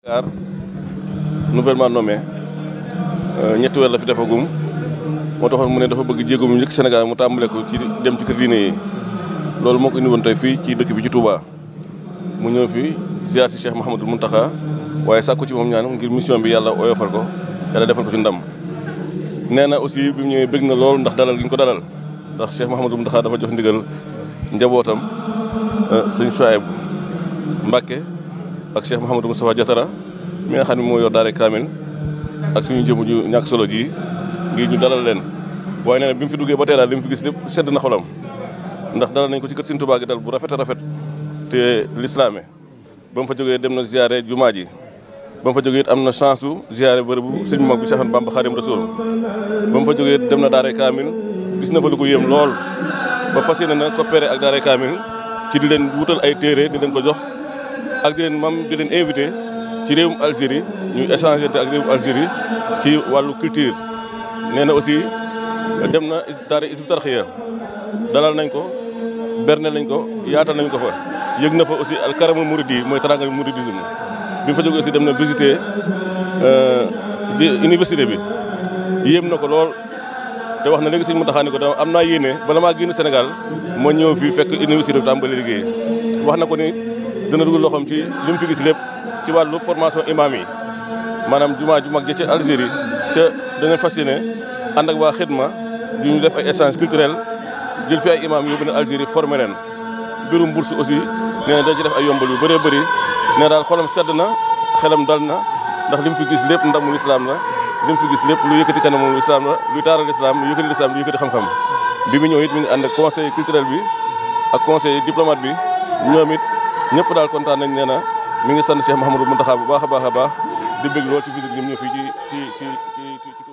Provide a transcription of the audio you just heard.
Dakar nouvellement nommé euh, ñetti weer la fi defagum moo taxoon mu ne dafa bëgg jéego mu njëkk Sénégal mu tàmbale ko ci dem ci kër diine yi loolu moo ko indi woon tey fii ci dëkk bi ci Touba. mu ñëw fi ziar si Cheikh Mouhamadul Mountakha waaye sàkku ci moom ñaan ngir mission bi yàlla oyofal ko yàlla defal ko ci ndam. nee na aussi bi mu ñëwee bëgg na lool ndax dalal gi ko dalal ndax Cheikh Mouhamadul Mountakha dafa jox ndigal njabootam euh, sëñ Chouaïb Mbacké ak Cheikh Mouhamadou Moustapha Diatara mi nga xam ne moo yor daare Kamil ak suñu jëmm ju ñàkk solo ji ngir ñu dalal leen waaye nee na bi mu fi duggee ba tey daal li mu fi gis lépp sedd na xolam ndax dalal nañ ko ci kër Sëriñ Tuubaa gi dal bu rafet a rafet te lislaame ba mu fa jógee dem na ziare jumaa ji ba mu fa jógee it am na chance su ziare bërëbu sëñ mag bi Cheikh Ahmadou Bamba Xaadimu Rasuul ba mu fa dem na daare gis na fa lu ko yéem lool ba fas yéene na coopéré ak daare Kamil ci di leen wutal ay téere di leen ko jox ak di leen mam di leen invité ci réewum Algérie ñu échanger te ak réewum Algérie ci wàllu culture. nee na aussi dem na daara Hizbut dalal nañ ko bernel nañ ko yaatal nañ ko fa yëg na fa aussi al karamul mouridi mooy taranga mouridisme bi mu fa jógee aussi dem na visiter ci euh, université bi yéem na ko lool te wax na léegi sëñ Mountakha ni ko dama am naa yéene bala maa génn Sénégal ma ñëw fii fekk université bi tàmbali liggéey wax na ko ni dina dugal loxoom ci li mu fi gis lépp ci wàllu formation imam yi maanaam jumaa ju mag ja ca Algérie ca dana fas yéene ànd ak waa xidma di ñu def ay échange culturel jël fi ay imam yóbbu na Algérie formé leen birum bourse aussi nee na dañ ci def ay yombal yu bëree bëri nee daal xolam sedd na xelam dal na ndax li mu fi gis lépp ndamul islam la li mu fi gis lépp lu yëkkati kanamu islam la luy taaral islam lu yëkkati islam lu yëkkati xam-xam bi it mi ngi ànd ak conseil culturel bi ak conseil diplomate bi ñëpp daal kontaan nañ nee na mi ngi sant Cheikh Mouhamadou Mountakha bu baax a baax a baax di bëgg lool ci visite gi mu ñëw fii ci ci ci ci.